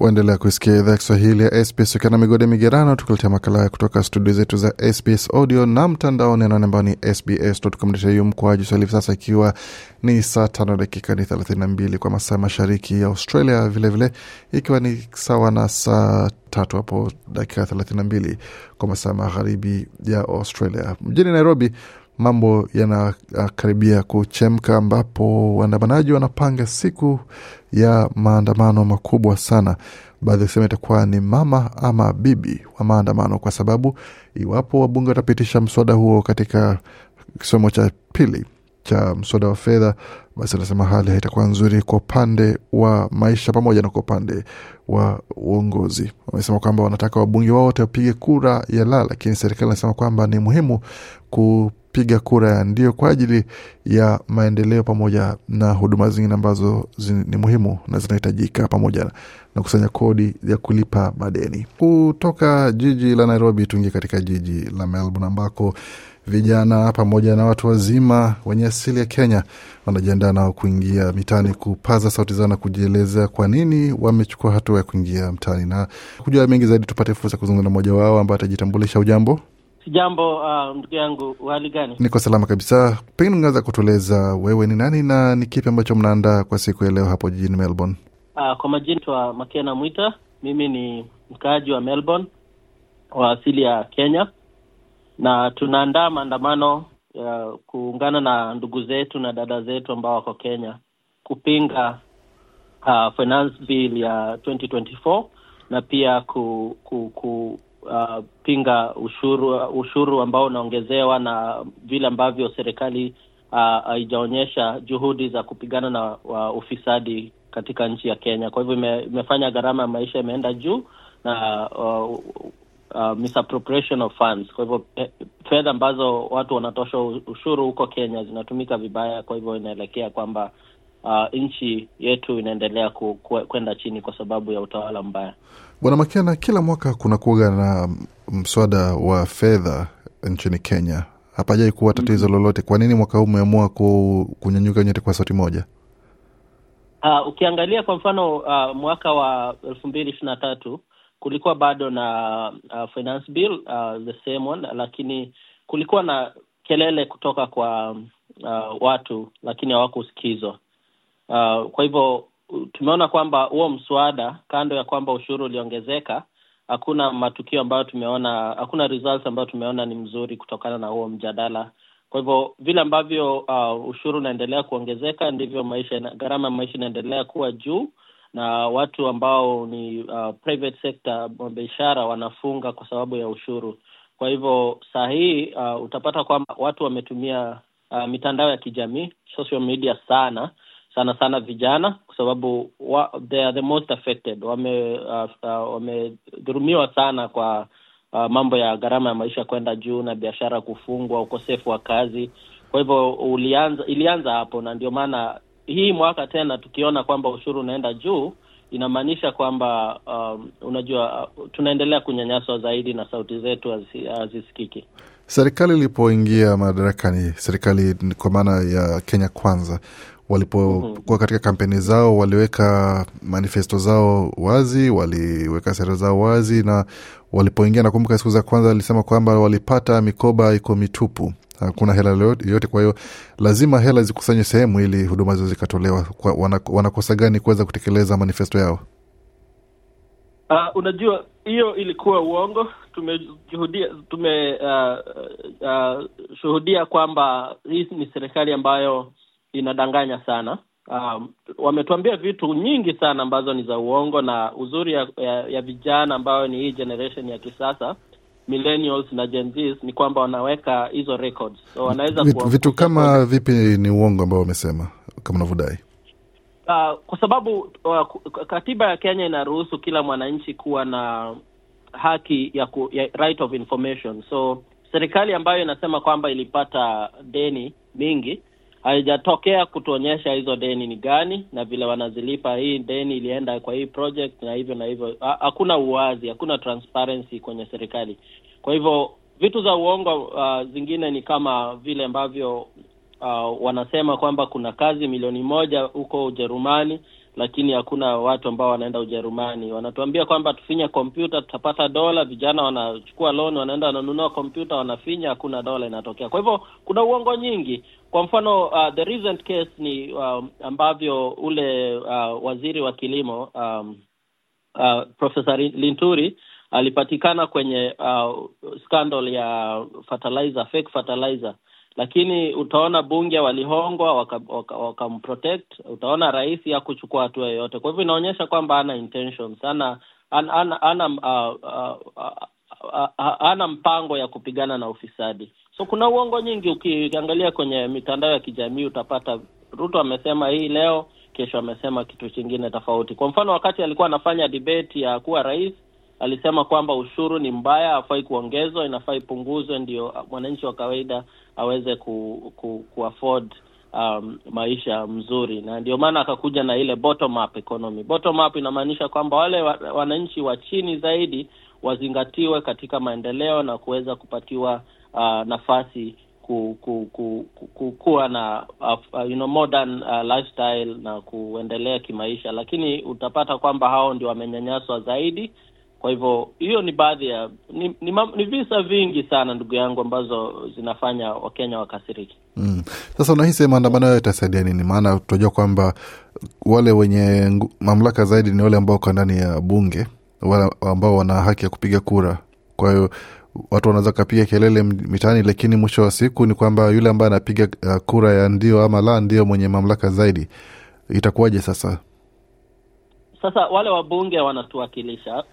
waendelea kuisikia idhaa ya Kiswahili ya SBS ukiwa na migode migerano, tukuletea makala ya kutoka studio zetu za SBS audio na mtandaoni anaone ambao ni sbs.com.au mkoaji swahili hivi sasa, ikiwa ni saa tano dakika ni 32 kwa masaa mashariki ya Australia, vilevile vile, ikiwa ni sawa na saa tatu hapo dakika 32 kwa masaa magharibi ya Australia. Mjini Nairobi mambo yanakaribia kuchemka, ambapo waandamanaji wanapanga siku ya maandamano makubwa sana. Baadhi wakisema itakuwa ni mama ama bibi wa maandamano, kwa sababu iwapo wabunge watapitisha mswada huo katika kisomo cha pili cha mswada wa fedha, basi anasema hali haitakuwa nzuri kwa upande wa maisha pamoja na kwa upande wa uongozi. Wamesema kwamba wanataka wabunge wao wote wapige kura ya la, lakini serikali anasema kwamba ni muhimu ku piga kura ya ndio kwa ajili ya maendeleo pamoja na huduma zingine ambazo zin, ni muhimu na zinahitajika pamoja na kusanya kodi ya kulipa madeni. Kutoka jiji la Nairobi tuingie katika jiji la Melbourne ambako vijana pamoja na watu wazima wenye asili ya Kenya wanajiandaa nao kuingia mitaani kupaza sauti zao na kujielezea kwa nini wamechukua hatua ya kuingia mtaani. Na kujua mengi zaidi, tupate fursa ya kuzungumza na mmoja wao ambaye atajitambulisha. Ujambo? Sijambo uh, ndugu yangu, hali gani? Niko salama kabisa. Pengine unaweza kutueleza wewe ni nani na ni kipi ambacho mnaandaa kwa siku ya leo hapo jijini Melbourne? Uh, kwa majina twa Makena Mwita, mimi ni mkaaji wa Melbourne wa asili ya Kenya, na tunaandaa maandamano ya kuungana na ndugu zetu na dada zetu ambao wako Kenya kupinga uh, finance bill ya 2024 na pia ku, ku, ku uh, pinga ushuru ushuru ambao unaongezewa na vile ambavyo serikali uh, haijaonyesha uh, juhudi za kupigana na uh, ufisadi katika nchi ya Kenya. Kwa hivyo ime, imefanya gharama ya maisha imeenda juu na uh, uh, uh of funds. Kwa hivyo eh, fedha ambazo watu wanatosha ushuru huko Kenya zinatumika vibaya, kwa hivyo inaelekea kwamba uh, nchi yetu inaendelea kwenda ku, ku, chini kwa sababu ya utawala mbaya. Bwana Makena, kila mwaka kuna kuga na mswada wa fedha nchini Kenya, hapajai kuwa tatizo mm -hmm. lolote. Kwa nini mwaka huu umeamua kunyanyuka nyote kwa sauti moja? Uh, ukiangalia kwa mfano uh, mwaka wa elfu mbili ishirini na tatu kulikuwa bado na uh, finance bill uh, the same one, lakini kulikuwa na kelele kutoka kwa uh, watu, lakini hawakusikizwa Uh, kwa hivyo tumeona kwamba huo mswada, kando ya kwamba ushuru uliongezeka, hakuna matukio ambayo tumeona, hakuna results ambayo tumeona ni mzuri kutokana na huo mjadala. Kwa hivyo vile ambavyo uh, ushuru unaendelea kuongezeka ndivyo maisha, gharama ya maisha inaendelea kuwa juu, na watu ambao ni uh, private sector biashara wanafunga kwa sababu ya ushuru. Kwa hivyo saa hii uh, utapata kwamba watu wametumia uh, mitandao ya kijamii social media sana sana sana vijana kwa sababu wa, they are the most affected wamedhurumiwa uh, uh, sana kwa uh, mambo ya gharama ya maisha kwenda juu na biashara kufungwa, ukosefu wa kazi. Kwa hivyo ulianza, ilianza hapo, na ndio maana hii mwaka tena tukiona kwamba ushuru unaenda juu inamaanisha kwamba um, unajua uh, tunaendelea kunyanyaswa zaidi na sauti zetu hazisikiki. Serikali ilipoingia madarakani, serikali kwa maana ya Kenya Kwanza walipokuwa katika kampeni zao, waliweka manifesto zao wazi, waliweka sera zao wazi, na walipoingia, nakumbuka siku za kwanza walisema kwamba walipata mikoba iko mitupu, hakuna hela yoyote. Kwa hiyo lazima hela zikusanywe sehemu ili huduma hizo zikatolewa. Wanakosa gani kuweza kutekeleza manifesto yao? Uh, unajua hiyo ilikuwa uongo. Tumeshuhudia ah, ah, tumeshuhudia uh, uh, kwamba hii ni serikali ambayo inadanganya sana. Um, wametuambia vitu nyingi sana ambazo ni za uongo, na uzuri ya, ya, ya vijana ambayo ni hii generation ya kisasa millennials na Gen Z ni kwamba wanaweka hizo records, so wanaweza vitu, vitu kama vipi ni uongo ambao wamesema kama unavyodai? Uh, kwa sababu uh, katiba ya Kenya inaruhusu kila mwananchi kuwa na haki ya, ku, ya right of information. So serikali ambayo inasema kwamba ilipata deni mingi haijatokea kutuonyesha hizo deni ni gani na vile wanazilipa. Hii deni ilienda kwa hii project na hivyo na hivyo. Hakuna uwazi, hakuna transparency kwenye serikali. Kwa hivyo vitu za uongo uh, zingine ni kama vile ambavyo uh, wanasema kwamba kuna kazi milioni moja huko Ujerumani lakini hakuna watu ambao wanaenda Ujerumani. Wanatuambia kwamba tufinye kompyuta tutapata dola, vijana wanachukua loan, wanaenda wananunua kompyuta, wanafinya, hakuna dola inatokea. Kwa hivyo kuna uongo nyingi. Kwa mfano uh, the recent case ni uh, ambavyo ule uh, waziri wa kilimo um, uh, Profesa Linturi alipatikana kwenye uh, scandal ya fertilizer, fake fertilizer fake lakini utaona bunge walihongwa wakamprotect waka, waka utaona rais hakuchukua hatua yoyote. Kwa hivyo inaonyesha kwamba ana intentions ana ana, ana, ana, uh, uh, uh, uh, mpango ya kupigana na ufisadi. So kuna uongo nyingi, ukiangalia kwenye mitandao ya kijamii utapata Ruto amesema hii leo, kesho amesema kitu chingine tofauti. Kwa mfano, wakati alikuwa anafanya debate ya kuwa rais alisema kwamba ushuru ni mbaya, hafai kuongezwa, inafaa ipunguzwe, ndio mwananchi wa kawaida aweze ku, ku, ku afford um, maisha mzuri, na ndio maana akakuja na ile bottom up economy. Bottom up inamaanisha kwamba wale wananchi wa chini zaidi wazingatiwe katika maendeleo na kuweza kupatiwa uh, nafasi ku, ku, ku, ku, ku, kuwa na uh, you know, modern uh, lifestyle na kuendelea kimaisha, lakini utapata kwamba hao ndio wamenyanyaswa zaidi kwa hivyo hiyo ni baadhi ya ni, ni, ni visa vingi sana ndugu yangu ambazo zinafanya Wakenya wakasiriki. Mm. Sasa unahisi maandamano hayo itasaidia nini? Maana tunajua kwamba wale wenye mamlaka zaidi ni wale ambao wako ndani ya bunge, wale ambao wana haki ya kupiga kura. Kwa hiyo watu wanaweza kapiga kelele mitaani, lakini mwisho wa siku ni kwamba yule ambaye anapiga uh, kura ya ndio ama la ndio mwenye mamlaka zaidi. Itakuwaje sasa? Sasa wale wabunge wanatuwakilisha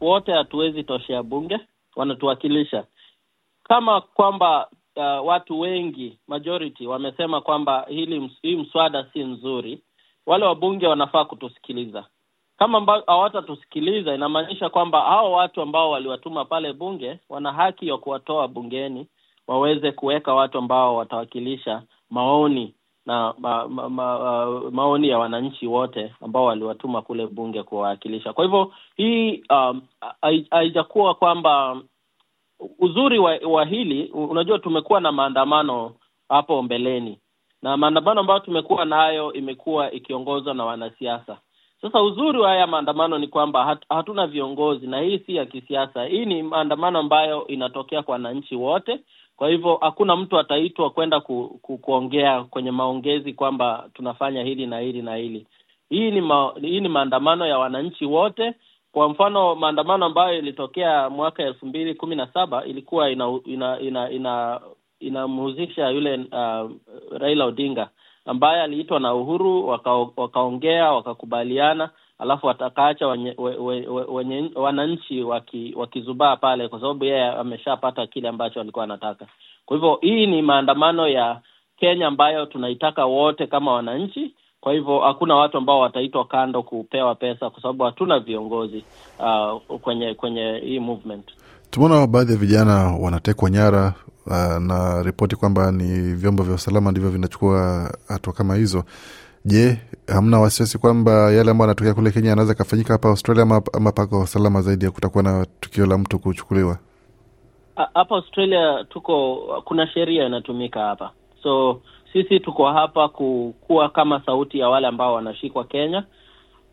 wote, hatuwezi toshea bunge, wanatuwakilisha kama kwamba uh, watu wengi majority wamesema kwamba hili hii mswada si nzuri, wale wabunge wanafaa kutusikiliza. Kama hawatatusikiliza inamaanisha kwamba hao watu ambao waliwatuma pale bunge wana haki ya kuwatoa bungeni waweze kuweka watu ambao watawakilisha maoni na ma, ma, ma, uh, maoni ya wananchi wote ambao waliwatuma kule bunge kuwawakilisha. Kwa hivyo hii um, kwamba uzuri wa, wa hili unajua, tumekuwa na maandamano hapo mbeleni na maandamano ambayo tumekuwa nayo imekuwa ikiongozwa na wanasiasa. Sasa uzuri wa haya maandamano ni kwamba hat, hatuna viongozi, na hii si ya kisiasa. Hii ni maandamano ambayo inatokea kwa wananchi wote kwa hivyo hakuna mtu ataitwa kwenda ku, ku, kuongea kwenye maongezi kwamba tunafanya hili na hili na hili. Hii ni ma, hii ni maandamano ya wananchi wote. Kwa mfano maandamano ambayo ilitokea mwaka elfu mbili kumi na saba ilikuwa ina ina, ina, ina yule uh, Raila Odinga ambaye aliitwa na Uhuru wakaongea, waka wakakubaliana alafu atakaacha wananchi waki, wakizubaa pale, kwa sababu yeye ameshapata kile ambacho alikuwa anataka. Kwa hivyo hii ni maandamano ya Kenya ambayo tunaitaka wote kama wananchi. Kwa hivyo hakuna watu ambao wataitwa kando kupewa pesa, kwa sababu hatuna viongozi uh, kwenye kwenye hii movement. Tumeona baadhi ya vijana wanatekwa nyara uh, na ripoti kwamba ni vyombo vya usalama ndivyo vinachukua hatua kama hizo. Je, hamna wasiwasi kwamba yale ambayo anatokea kule Kenya anaweza akafanyika hapa Australia ama, ama pako salama zaidi ya kutakuwa na tukio la mtu kuchukuliwa? Hapa Australia tuko, kuna sheria inatumika hapa, so sisi tuko hapa kukuwa kama sauti ya wale ambao wanashikwa Kenya.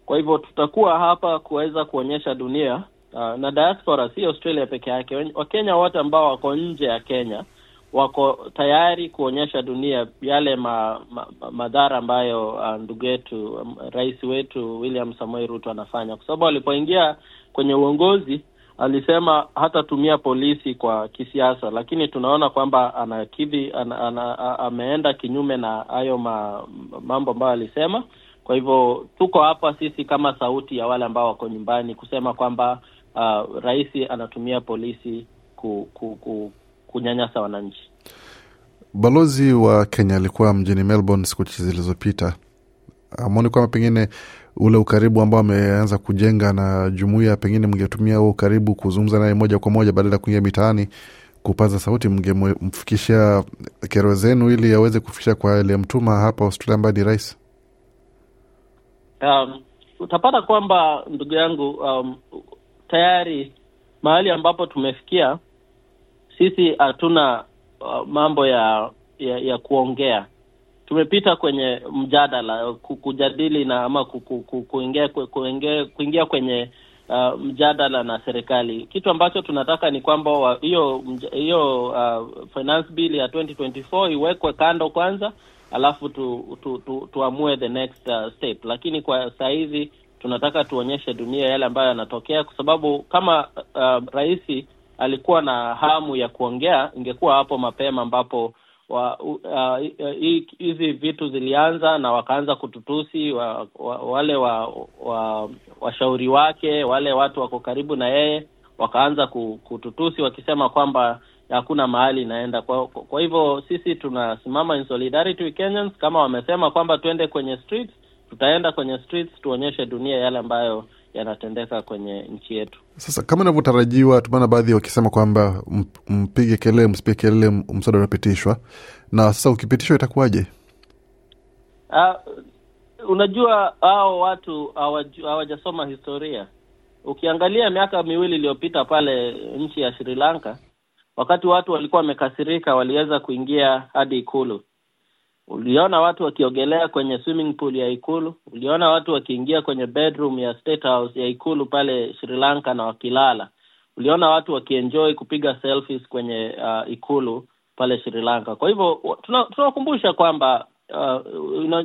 Kwa hivyo tutakuwa hapa kuweza kuonyesha dunia uh, na diaspora, si Australia peke yake, Wakenya wote ambao wako nje ya Kenya wako tayari kuonyesha dunia yale ma, ma, ma, madhara ambayo uh, ndugu yetu um, rais wetu William Samoei Ruto anafanya, kwa sababu alipoingia kwenye uongozi alisema hatatumia polisi kwa kisiasa, lakini tunaona kwamba anakidhi ana, ana, ameenda kinyume na hayo ma, mambo ambayo alisema. Kwa hivyo tuko hapa sisi kama sauti ya wale ambao wako nyumbani kusema kwamba uh, rais anatumia polisi ku, ku, ku, kunyanyasa wananchi. Balozi wa Kenya alikuwa mjini Melbourne siku chache zilizopita. Amoni kwamba pengine ule ukaribu ambao ameanza kujenga na jumuia, pengine mngetumia huo ukaribu kuzungumza naye moja kwa moja badala ya kuingia mitaani kupaza sauti, mngemfikishia kero zenu ili aweze kufikisha kwa Aliyemtuma hapa Australia ambaye ni rais. Um, utapata kwamba ndugu yangu, um, tayari mahali ambapo tumefikia sisi hatuna uh, mambo ya, ya ya kuongea. Tumepita kwenye mjadala kujadili na ama kuingia kuingia kwenye uh, mjadala na serikali. Kitu ambacho tunataka ni kwamba hiyo hiyo uh, finance bill ya 2024 iwekwe kando kwanza, alafu tu, tu, tu, tuamue the next uh, step, lakini kwa saa hizi tunataka tuonyeshe dunia yale ambayo yanatokea, kwa sababu kama uh, rais alikuwa na hamu ya kuongea, ingekuwa hapo mapema ambapo uh, uh, hizi uh, vitu zilianza na wakaanza kututusi wa, wa, wale wa, wa washauri wake wale watu wako karibu na yeye wakaanza kututusi wakisema kwamba hakuna mahali inaenda. Kwa, kwa hivyo sisi tunasimama in solidarity with Kenyans. Kama wamesema kwamba tuende kwenye streets, tutaenda kwenye streets tuonyeshe dunia yale ambayo yanatendeka kwenye nchi yetu sasa kama inavyotarajiwa. Tumeona baadhi wakisema kwamba mpige kelele, msipige kelele mswada unapitishwa, na sasa ukipitishwa itakuwaje? Uh, unajua hao watu hawajasoma historia. Ukiangalia miaka miwili iliyopita pale nchi ya Sri Lanka, wakati watu walikuwa wamekasirika, waliweza kuingia hadi ikulu Uliona watu wakiogelea kwenye swimming pool ya Ikulu, uliona watu wakiingia kwenye bedroom ya State House ya Ikulu pale Sri Lanka na wakilala, uliona watu wakienjoy kupiga selfies kwenye uh, Ikulu pale Sri Lanka. Kwa hivyo tunawakumbusha tuna kwamba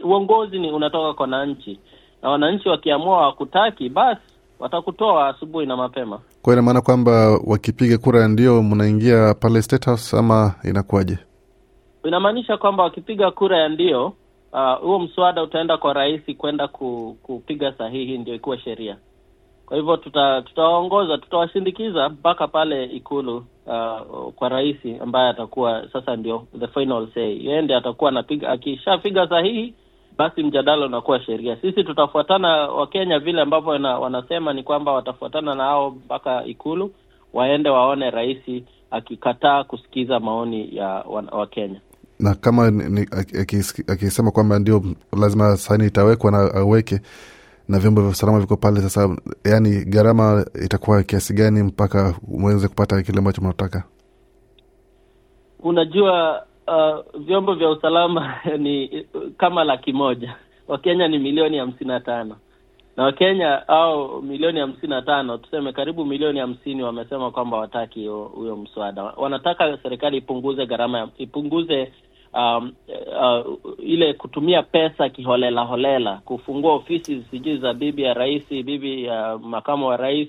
uh, uongozi ni unatoka kwa wananchi, na wananchi wakiamua wakutaki, basi watakutoa asubuhi na mapema. Kwa ina maana kwamba wakipiga kura ndio mnaingia pale State House ama inakuwaje? inamaanisha kwamba wakipiga kura ya ndio uh, huo uh, mswada utaenda kwa rahisi kwenda ku, kupiga sahihi ndio ikuwa sheria. Kwa hivyo tuta, tutawaongoza tutawashindikiza mpaka pale Ikulu uh, kwa rahisi ambaye atakuwa sasa ndio the final say. Yeye atakuwa anapiga, akishapiga sahihi basi mjadala unakuwa sheria. Sisi tutafuatana Wakenya vile ambavyo wanasema ni kwamba watafuatana na ao mpaka Ikulu waende waone rahisi akikataa kusikiza maoni ya Wakenya na kama akisema kwamba ndio lazima saini itawekwa na aweke na vyombo vya usalama viko pale sasa, yani gharama itakuwa kiasi gani mpaka mweze kupata kile ambacho mnataka? Unajua, uh, vyombo vya usalama ni kama laki moja, Wakenya ni milioni hamsini na tano na Wakenya au milioni hamsini na tano tuseme karibu milioni hamsini wamesema kwamba wataki huyo mswada, wanataka serikali ipunguze gharama, ipunguze um, uh, ile kutumia pesa kiholela holela, kufungua ofisi sijui za bibi ya rais, bibi ya makamu wa rais,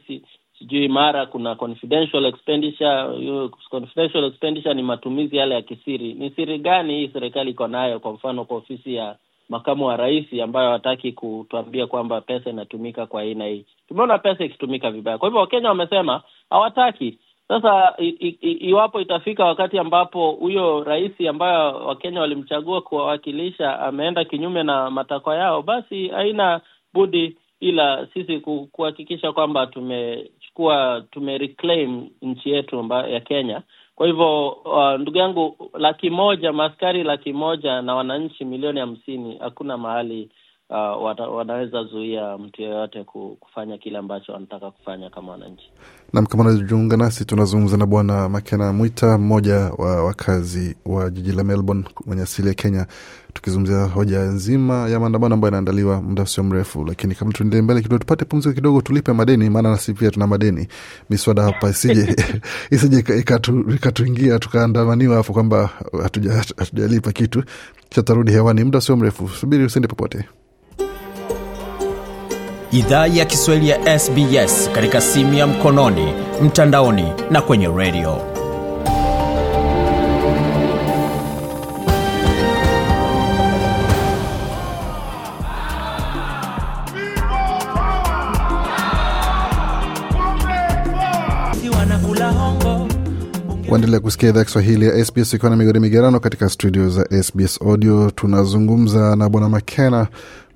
sijui mara kuna confidential expenditure. Confidential expenditure ni matumizi yale ya kisiri. Ni siri gani hii serikali iko nayo? Kwa mfano kwa ofisi ya makamu wa rais ambayo hawataki kutuambia kwamba pesa inatumika kwa aina hii. Tumeona pesa ikitumika vibaya, kwa hivyo Wakenya wamesema hawataki sasa iwapo itafika wakati ambapo huyo rais ambayo Wakenya walimchagua kuwawakilisha ameenda kinyume na matakwa yao, basi haina budi ila sisi kuhakikisha kwamba tumechukua tume nchi yetu ya Kenya. Kwa hivyo uh, ndugu yangu, laki moja maaskari laki moja na wananchi milioni hamsini, hakuna mahali uh, wata, wanaweza zuia mtu yeyote kufanya kile ambacho anataka kufanya kama wananchi. Nam, kama unajiunga nasi, tunazungumza na Bwana Makena Mwita, mmoja wa wakazi wa jiji la Melbourne mwenye asili ya Kenya, tukizungumzia hoja nzima ya maandamano ambayo inaandaliwa muda usio mrefu. Lakini kabla tuendelee mbele kidogo, tupate pumziko kidogo, tulipe madeni, maana nasi pia tuna madeni. Miswada hapa isije isije ikatuingia tukaandamaniwa afu kwamba hatujalipa kitu. Chatarudi hewani muda usio mrefu, subiri usende popote idhaa ya Kiswahili ya SBS katika simu ya mkononi, mtandaoni na kwenye redio. Waendelea kusikia idhaa Kiswahili ya SBS ikiwa na migodi migerano katika studio za SBS Audio. Tunazungumza na bwana Makena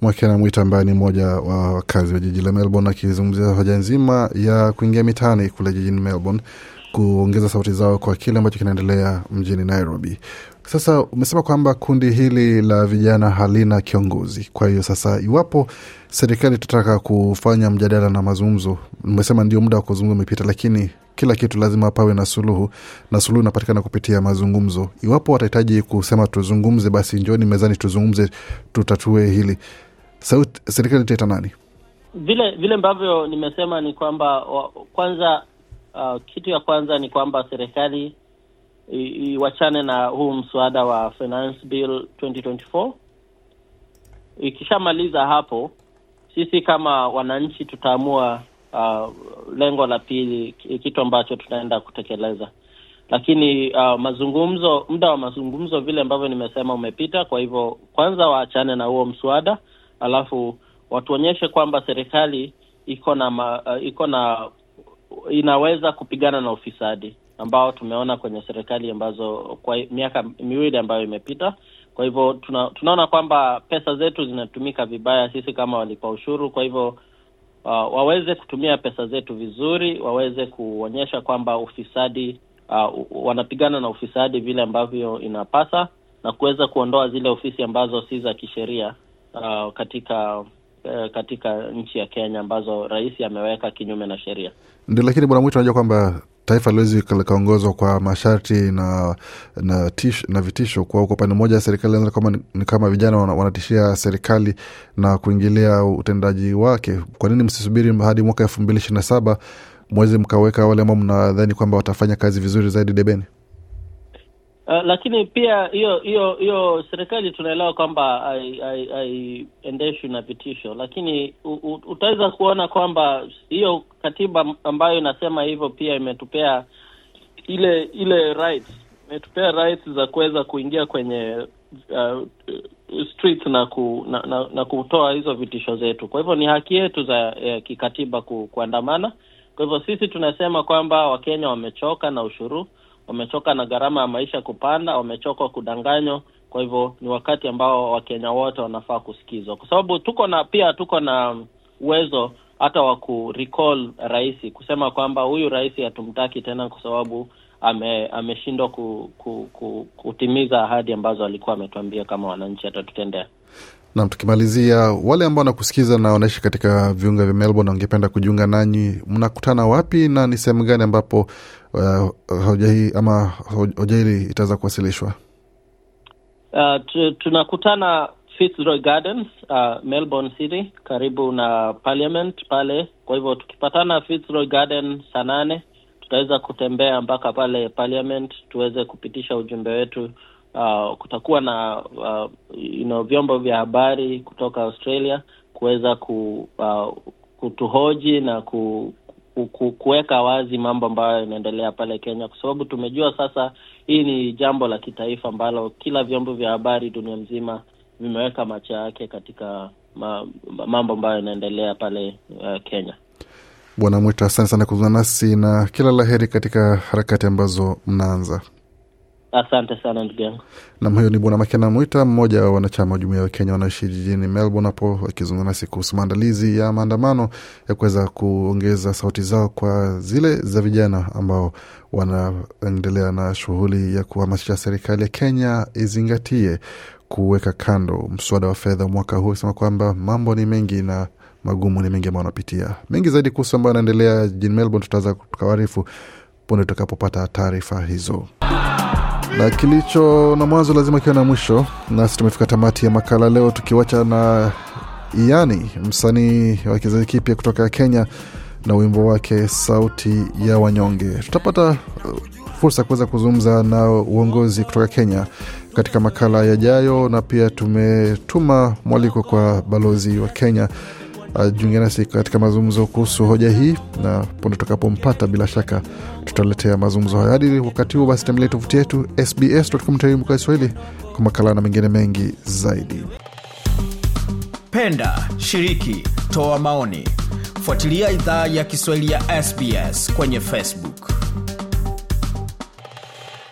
Mwakena Mwita ambaye ni mmoja wa wakazi wa jiji la Melbourne, akizungumzia hoja nzima ya kuingia mitaani kule jijini Melbourne kuongeza sauti zao kwa kile ambacho kinaendelea mjini Nairobi. Sasa umesema kwamba kundi hili la vijana halina kiongozi. Kwa hiyo sasa, iwapo serikali tutaka kufanya mjadala na mazungumzo, umesema ndio muda wa kuzungumza umepita, lakini kila kitu lazima pawe na suluhu, na suluhu inapatikana kupitia mazungumzo. Iwapo watahitaji kusema tuzungumze, basi njoni mezani tuzungumze, tutatue hili. Sauti serikali itaita nani? Vile vile ambavyo nimesema ni kwamba kwanza Uh, kitu ya kwanza ni kwamba serikali iwachane na huu mswada wa Finance Bill 2024. Ikishamaliza hapo, sisi kama wananchi tutaamua uh, lengo la pili, kitu ambacho tunaenda kutekeleza. Lakini uh, mazungumzo, muda wa mazungumzo vile ambavyo nimesema umepita. Kwa hivyo, kwanza waachane na huo mswada, alafu watuonyeshe kwamba serikali iko na uh, iko na inaweza kupigana na ufisadi ambao tumeona kwenye serikali ambazo kwa miaka miwili ambayo imepita. Kwa hivyo tuna, tunaona kwamba pesa zetu zinatumika vibaya, sisi kama walipa ushuru. Kwa hivyo uh, waweze kutumia pesa zetu vizuri, waweze kuonyesha kwamba ufisadi uh, wanapigana na ufisadi vile ambavyo inapasa na kuweza kuondoa zile ofisi ambazo si za kisheria uh, katika Eh, katika nchi ya Kenya ambazo rais ameweka kinyume na sheria. Ndio, lakini bwana mwitu unajua kwamba taifa liwezi likaongozwa kwa masharti na na, tish, na vitisho. Kwa upande mmoja, serikali ni kama kama vijana wanatishia serikali na kuingilia utendaji wake. Kwa nini msisubiri hadi mwaka elfu mbili ishirini na saba mwezi mkaweka wale ambao mnadhani kwamba watafanya kazi vizuri zaidi debeni? Uh, lakini pia hiyo hiyo hiyo serikali tunaelewa kwamba haiendeshwi na vitisho, lakini utaweza kuona kwamba hiyo katiba ambayo inasema hivyo pia imetupea ile ile right imetupea rights za kuweza kuingia kwenye uh, eh, street na, ku, na, na, na kutoa hizo vitisho zetu. Kwa hivyo ni haki yetu za eh, kikatiba ku, kuandamana. Kwa hivyo sisi tunasema kwamba Wakenya wamechoka na ushuru wamechoka na gharama ya maisha kupanda, wamechoka kudanganywa. Kwa hivyo ni wakati ambao Wakenya wote wanafaa kusikizwa, kwa sababu tuko na pia tuko na uwezo hata wa ku rais, kusema kwamba huyu rais hatumtaki tena kwa sababu ame, ameshindwa ku, ku, ku, kutimiza ahadi ambazo alikuwa ametuambia kama wananchi atatutendea. Nam, tukimalizia wale ambao wanakusikiza na wanaishi katika viunga vya Melbourne, wangependa kujiunga nanyi, mnakutana wapi na ni sehemu gani ambapo uh, hoja hii ama hoja hili itaweza kuwasilishwa? Uh, tunakutana Fitzroy Gardens, uh, Melbourne City, karibu na Parliament pale. Kwa hivyo tukipatana Fitzroy Garden saa nane tutaweza kutembea mpaka pale Parliament tuweze kupitisha ujumbe wetu uh, kutakuwa na uh, you know, vyombo vya habari kutoka Australia kuweza ku, uh, kutuhoji na ku, ku, kuweka wazi mambo ambayo inaendelea pale Kenya, kwa sababu tumejua sasa hii ni jambo la kitaifa ambalo kila vyombo vya habari dunia mzima vimeweka macho yake katika ma, mambo ambayo yanaendelea pale uh, Kenya. Bwana Mwita, asante sana kuzungumza nasi na kila la heri katika harakati ambazo mnaanza. Asante sana ndugu yangu. Nam, huyo ni Bwana Makena Mwita, mmoja wa wanachama wa jumuia wa Kenya wanaishi jijini Melbourne hapo akizungumza nasi kuhusu maandalizi ya maandamano ya kuweza kuongeza sauti zao kwa zile za vijana ambao wanaendelea na shughuli ya kuhamasisha serikali ya Kenya izingatie kuweka kando mswada wa fedha mwaka huu, akisema kwamba mambo ni mengi na magumu ni mengi ambayo wanapitia. Mengi zaidi kuhusu ambayo anaendelea jijini Melbourne tutaweza tukawaarifu punde tutakapopata taarifa hizo na kilicho na mwanzo lazima kiwe na mwisho. Nasi tumefika tamati ya makala leo, tukiwacha na iani msanii wa kizazi kipya kutoka Kenya na wimbo wake Sauti ya Wanyonge. Tutapata uh, fursa ya kuweza kuzungumza na uongozi kutoka Kenya katika makala yajayo, na pia tumetuma mwaliko kwa balozi wa Kenya ajiunge ah, nasi katika mazungumzo kuhusu hoja hii, na punde tutakapompata, bila shaka tutaletea mazungumzo hayo. Hadi wakati huo, basi tembelea tovuti yetu sbs.com.au kwa kwa makala na mengine mengi zaidi. Penda, shiriki, toa maoni, fuatilia idhaa ya Kiswahili ya SBS kwenye Facebook.